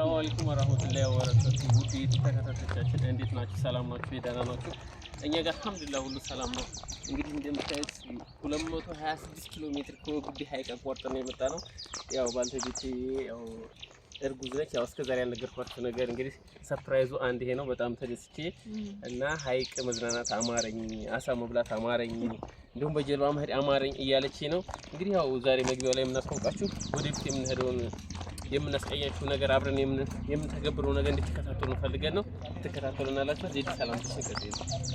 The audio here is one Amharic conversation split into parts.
ሰላም አለይኩም ወራህመቱላሂ ወበረካቱ። ውድ ተከታታዮቻችን እንዴት ናችሁ? ሰላም ናችሁ? ደህና ናችሁ? እኛ ጋር አልሐምዱሊላህ ሁሉ ሰላም ነው። እንግዲህ እንደምታዩት 226 ኪሎ ሜትር ከወግዲ ሀይቅ አቋርጠን የመጣ ነው። ያው ባልተቤቴ ያው እርጉዝ ነች። ያው እስከ እስከዛሬ ያልነገርኳችሁ ነገር እንግዲህ ሰርፕራይዙ አንድ ይሄ ነው። በጣም ተደስቼ እና ሀይቅ መዝናናት አማረኝ፣ አሳ መብላት አማረኝ እንዲሁም በጀልባ መሄድ አማረኝ እያለች ነው። እንግዲህ ያው ዛሬ መግቢያው ላይ የምናስታውቃችሁ ወደፊት የምንሄደውን የምናስቀኛችሁ ነገር አብረን የምንተገብረው ነገር እንድትከታተሉ እንፈልገን ነው። ትከታተሉናላችሁ። ዜድ ሰላም ተሽንቀጥ ሰላም ናቸው።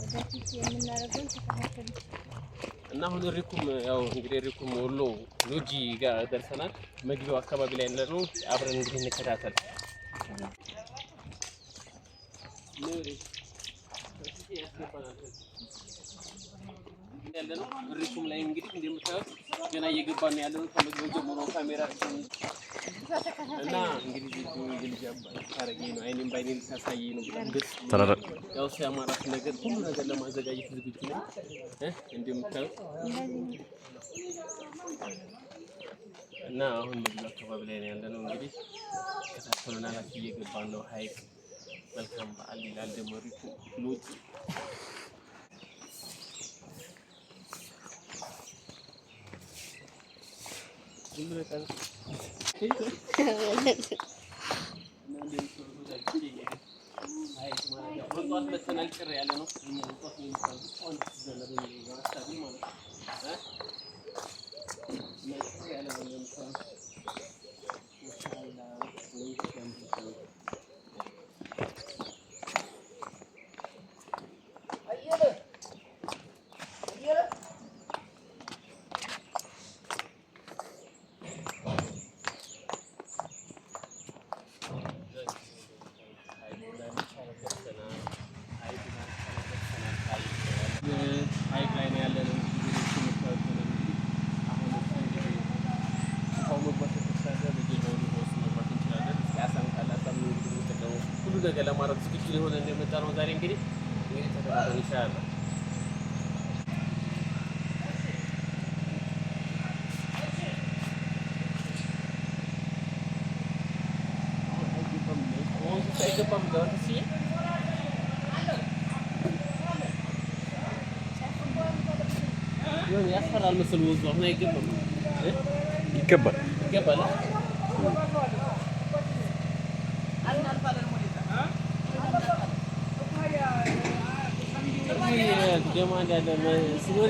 ወደፊት የምናደርገውን ተከታተሉ እና አሁን ሪኩም ያው እንግዲህ ሪኩም ወሎ ሎጂ ጋር ደርሰናል። መግቢያው አካባቢ ላይ ነው። አብረን እንግዲህ እንከታተል ያለ ነው። እሪቱም ላይ እንግዲህ እንደምታዩት ገና እየገባን ነው ያለነው ከመግቢያው ጀምሮ ካሜራ እና እንግዲህ አይኔም ባይኔም ሲያሳየኝ ነው። ያው ሲያማራት ነገር ሁሉ ነገር ለማዘጋጀት ዝግጁ ነው እንደምታዩት እና አሁን አካባቢ ላይ ነው ያለነው እንግዲህ እየገባን ነው ሀይቅ welcome Ali Aldemori to clothes. Thank you. كده لما رتسكتش هنا اللي مدار مدار انجلي ان شاء الله Pega pra mudar, sim. يعني اصفر على المثل وضوء هنا يكبر يكبر يكبر لا demand at siguro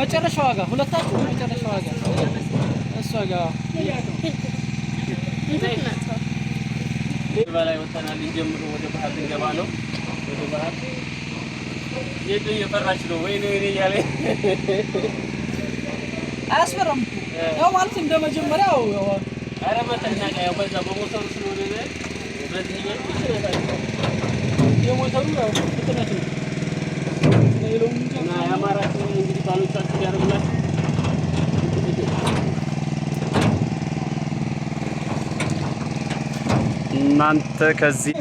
መጨረሻ ዋጋ ሁለታችሁ መጨረሻ ዋጋ እሷ ጋር በላይ ወተናል። ጀምሮ ወደ ባህር ልንገባ ነው። ወደ ባህር እየፈራች ነው። ወይኔ ወይኔ እያለ አያስፈራም። ያው ማለት እንደ መጀመሪያው ኧረ ያው በዛ በሞተሩ ስለሆነ በዚህ የሞተሩ ያው ፍጥነት ነው የሚለው እና የአማራችን እንግዲህ ባሎቻችሁ ያደርጉላችሁ። እናንተ ከዚህ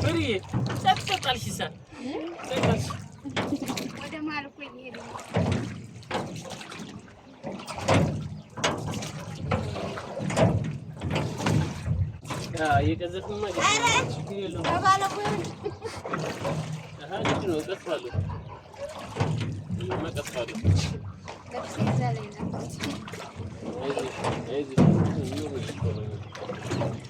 Sorry. Sen sen kalışın sen. Sen kalış. O da malı koyuyorum. Ya yıkazık mı? Evet. Babana koyun. Aha, gittin o kasvalı. Ne kasvalı? Hepsi güzel yine. Neydi? Neydi? Neydi? Neydi? Neydi?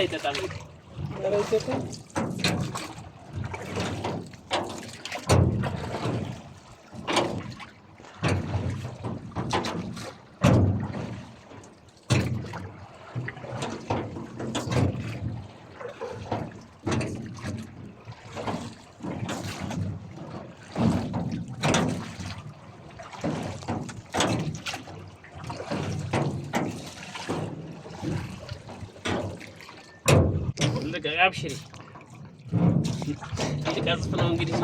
రైతే አብሽሪ ቀጽፍ ነው እንግዲህ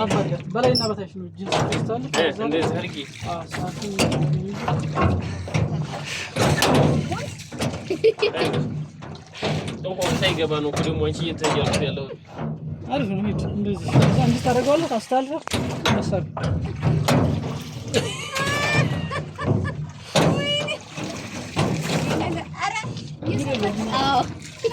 በላይና በታች ነው። ሳይገባ ነው ደግሞ አንቺ እየተያልኩ ያለው አሪፍ ነው። ሂድ እንደዚህ እንዲህ ታደርገዋለህ። ታስታልፈ አዎ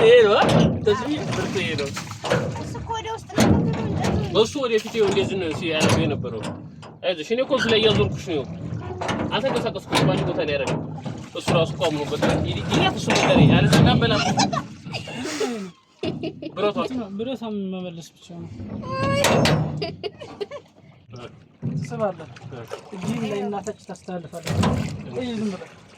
Değil mi? Tasvir tırtıyırım. Nasıl oraya gidiyor gezinin ösü yani bir yapıyorum. Evet, şimdi konsule yazır kuşun yok. አንተ እንቀሳቀስኩ ባንድ ቦታ ላይ ያረግ እሱ ራሱ ቆምሮበት ይላት እሱ ነገር ያለ ዘጋ በላ ብረቷ መመለስ ብቻ ነው። ትስባለህ እጅህን ላይ እናታች ታስተላልፋለህ። ዝም ብለህ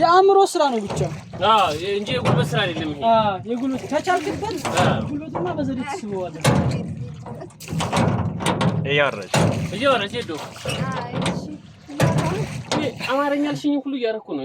የአእምሮ ስራ ነው ብቻ እንጂ የጉልበት ስራ አይደለም። የጉልበት ተቻልክበት፣ ጉልበትና በዘዴ ትስበዋለህ። እያወራች እያወራች ሄዶ አማርኛ አልሽኝ ሁሉ እያደረኩ ነው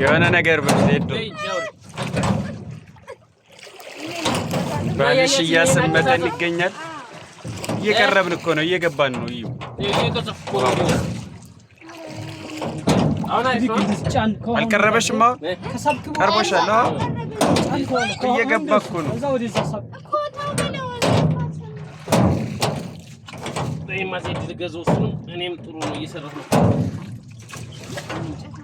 የሆነ ነገር ዶ ባልሽ እያሰመጠን ይገኛል። እየቀረብን እኮ ነው፣ እየገባን ነው። እዩ አልቀረበሽም? አሁን እየገባ እኮ ነው። እኔም ጥሩ ነው እየሰራሁ ነው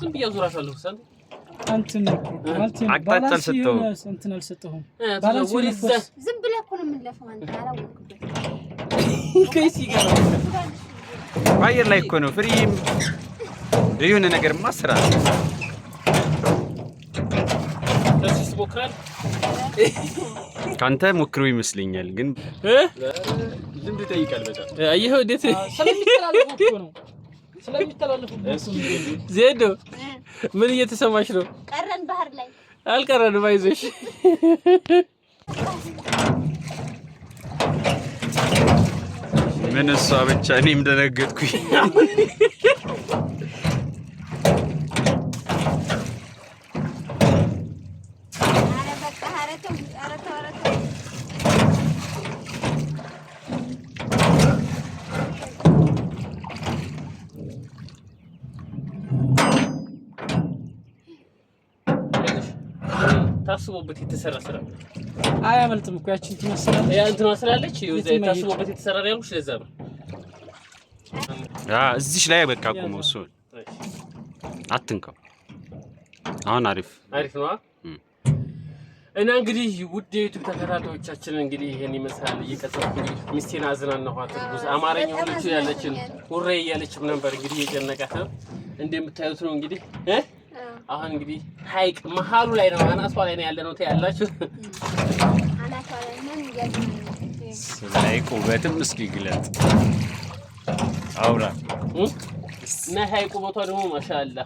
ዝም ብዬ ዙር አሳልፍ አልሰጠሁም። ዝም አየር ላይ እኮ ነው ፍሪ የሆነ ነገር ማስራ ከአንተ ሞክሮ ይመስለኛል፣ ግን ልምድ በጣም ዜዶ ምን እየተሰማሽ ነው? ቀረን ባህር ላይ አልቀረንም። አይዞሽ ምን እሷ ብቻ እኔም ደነገጥኩኝ። ታስቦበት የተሰራ ስራ አያመልጥም እኮ ያችን ትመስላለች፣ ያ እንትን ስላለች ታስቦበት የተሰራ ነው ያልኩሽ ለዛ ነው። እዚሽ ላይ በቃ ቁመው እሱ አትንከው። አሁን አሪፍ አሪፍ ነው እና እንግዲህ ውድ የዩቱብ ተከታታዮቻችን እንግዲህ ይህን ይመስላል። እየቀጸልኩ እንግዲህ ሚስቴን አዝናናኋት። እርጉዝ አማርኛ ሆነች ያለችን ሁሬ እያለችም ነበር እንግዲህ የጨነቃት ነው እንደምታዩት ነው እንግዲህ እ አሁን እንግዲህ ሀይቅ መሀሉ ላይ ነው፣ አናቷ ላይ ነው ያለ ነው ያላችሁ። ስለ ሀይቅ ውበትም እስኪ ግለጥ አውራ እና ሀይቁ ቦታ ደግሞ ማሻአላ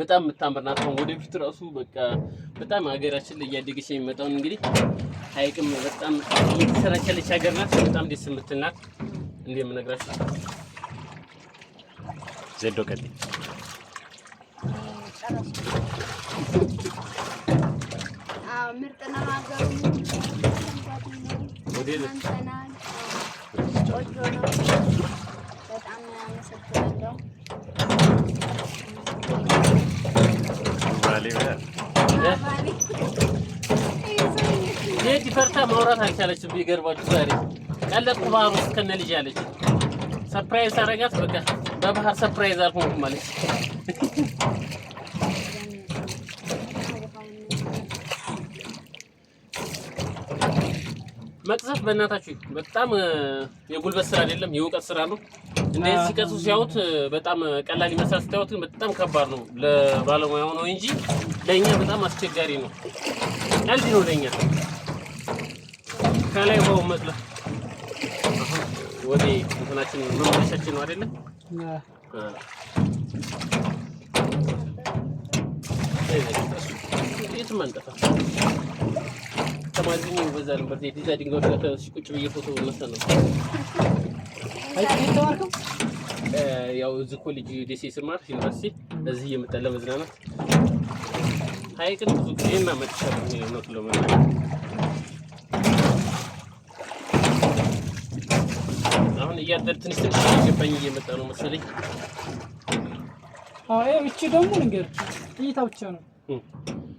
በጣም የምታምር ናት። ወደፊት ራሱ በቃ በጣም ሀገራችን ላይ እያደገች የሚመጣውን እንግዲህ ሀይቅም በጣም የተሰራቻለች ሀገር ናት። በጣም ደስ የምትል ናት። እንደምነግራችሁ ዘዶ ቀጥይ ጨረሱ። ሌዲ ፈርታ ማውራት አልቻለችም። ቢገርባችሁ ዛሬ ቀለቁ ባህር ውስጥ ከነ ልጅ ያለች ሰርፕራይዝ አረጋት። በቃ በባህር ሰርፕራይዝ አልሆንኩም ማለት መቅሰፍ በእናታችሁ በጣም የጉልበት ስራ አይደለም፣ የእውቀት ስራ ነው። እንደዚህ ሲቀሱ ሲያዩት በጣም ቀላል ይመስላል፣ ስታዩት ግን በጣም ከባድ ነው። ለባለሙያው ነው እንጂ ለእኛ በጣም አስቸጋሪ ነው። ቀልድ ነው ለእኛ። ከላይ ውሃው መጥለፍ ወደ እንትናችን መመለሻችን ነው አይደለ? የትም አንጠፋም ከማግኘ በዛ ነበር ዲዛ ድንጋይ ቁጭ ብዬ ፎቶ መሰል ነው። ያው እዚህ ኮሌጅ ደሴ ስማር ዩኒቨርሲቲ እዚህ እየመጣን ለመዝናናት ሀይቅን ብዙ ጊዜ እና መጥቻለሁ። እውነቱን ለመናገር አሁን እያደር ትንሽ ትንሽ እየገባኝ እየመጣ ነው መሰለኝ። ይቺ ደግሞ ነገር እይታ ብቻ ነው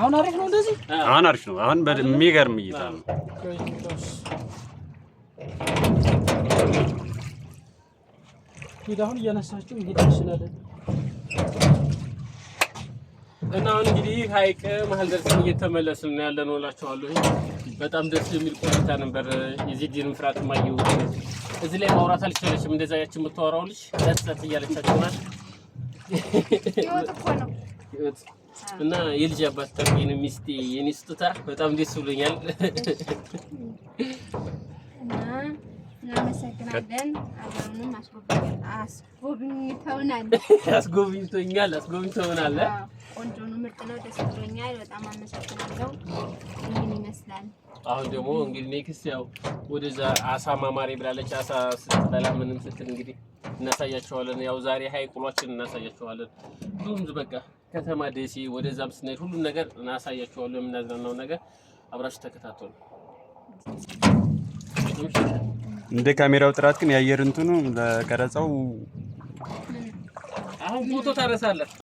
አሁን አሪፍ ነው እንደዚህ። አሁን አሪፍ ነው። አሁን የሚገርም እይታ ነው። አሁን እያነሳችሁ እንግዲህ እንችላለን እና አሁን እንግዲህ ሀይቅ መሀል ደርሰን እየተመለስን ነው ያለ ነው እላችኋለሁ። በጣም ደስ የሚል ቆይታ ነበር። የዜድን ፍርሃት ማየው እዚህ ላይ ማውራት አልቻለችም። እንደዛ ያችን የምታወራው ልጅ ደስ ነው ይወጥ እና የልጅ አባት ታርጌን ሚስቴ የኔ ስጦታ በጣም ደስ ብሎኛል። አስጎብኝተውናል፣ አስጎብኝቶኛል፣ አስጎብኝተውናል። ቆንጆ ነው፣ ምርጥ ነው፣ ደስ ብሎኛል። በጣም አመሰግናለሁ። ይህን ይመስላል። አሁን ደግሞ እንግዲህ ኔክስት ያው ወደዛ አሳ ማማሬ ብላለች። አሳ ስትበላ ምንም ስትል እንግዲህ እናሳያቸዋለን። ያው ዛሬ ሀይቅ ውሏችን እናሳያቸዋለን። በቃ ከተማ ደሴ ወደዛም ሁሉም ነገር እናሳያቸዋለን። የምናዝናናው ነገር አብራችሁ ተከታተሉ። እንደ ካሜራው ጥራት ግን የአየር እንትኑ ለቀረጻው አሁን ፎቶ ታረሳለህ።